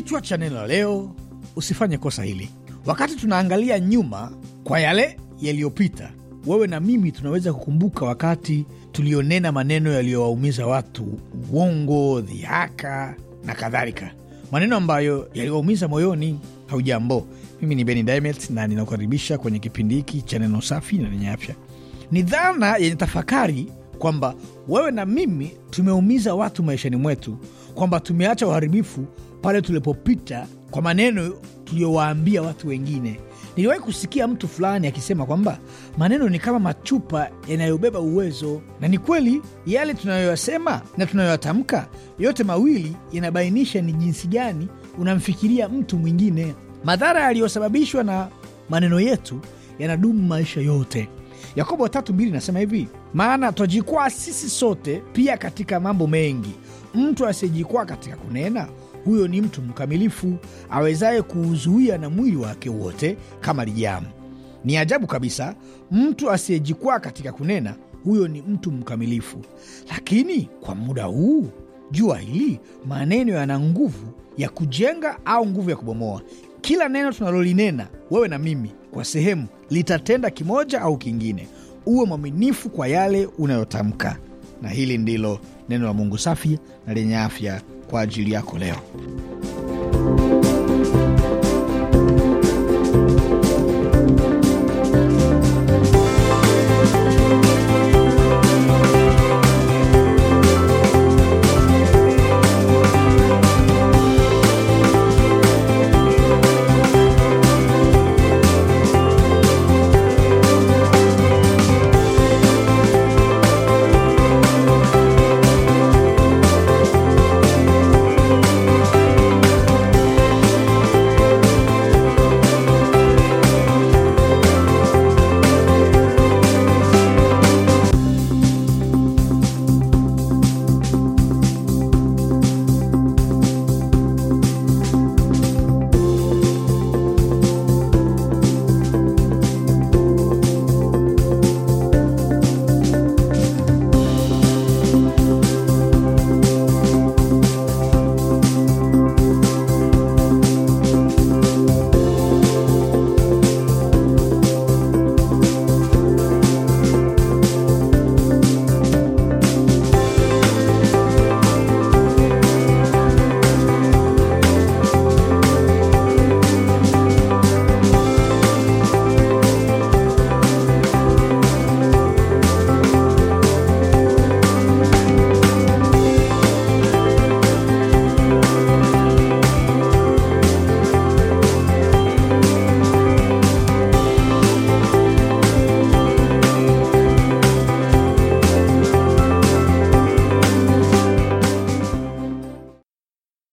Kichwa cha neno la leo: usifanye kosa hili. Wakati tunaangalia nyuma kwa yale yaliyopita, wewe na mimi tunaweza kukumbuka wakati tulionena maneno yaliyowaumiza watu, uongo, dhihaka na kadhalika, maneno ambayo yaliwaumiza moyoni. Haujambo, mimi ni Beni Dimet na ninakukaribisha kwenye kipindi hiki cha neno safi na lenye afya. Ni dhana yenye tafakari kwamba wewe na mimi tumeumiza watu maishani mwetu kwamba tumeacha uharibifu pale tulipopita kwa maneno tuliyowaambia watu wengine. Niliwahi kusikia mtu fulani akisema kwamba maneno ni kama machupa yanayobeba uwezo, na ni kweli. Yale tunayoyasema na tunayoyatamka, yote mawili yanabainisha ni jinsi gani unamfikiria mtu mwingine. Madhara yaliyosababishwa na maneno yetu yanadumu maisha yote. Yakobo tatu mbili nasema hivi, maana twajikwaa sisi sote pia katika mambo mengi. Mtu asiyejikwaa katika kunena, huyo ni mtu mkamilifu, awezaye kuuzuia na mwili wake wote kama lijamu. Ni ajabu kabisa, mtu asiyejikwaa katika kunena, huyo ni mtu mkamilifu. Lakini kwa muda huu jua hili, maneno yana nguvu ya kujenga au nguvu ya kubomoa. Kila neno tunalolinena wewe na mimi kwa sehemu litatenda kimoja au kingine. Uwe mwaminifu kwa yale unayotamka, na hili ndilo neno la Mungu safi na lenye afya kwa ajili yako leo.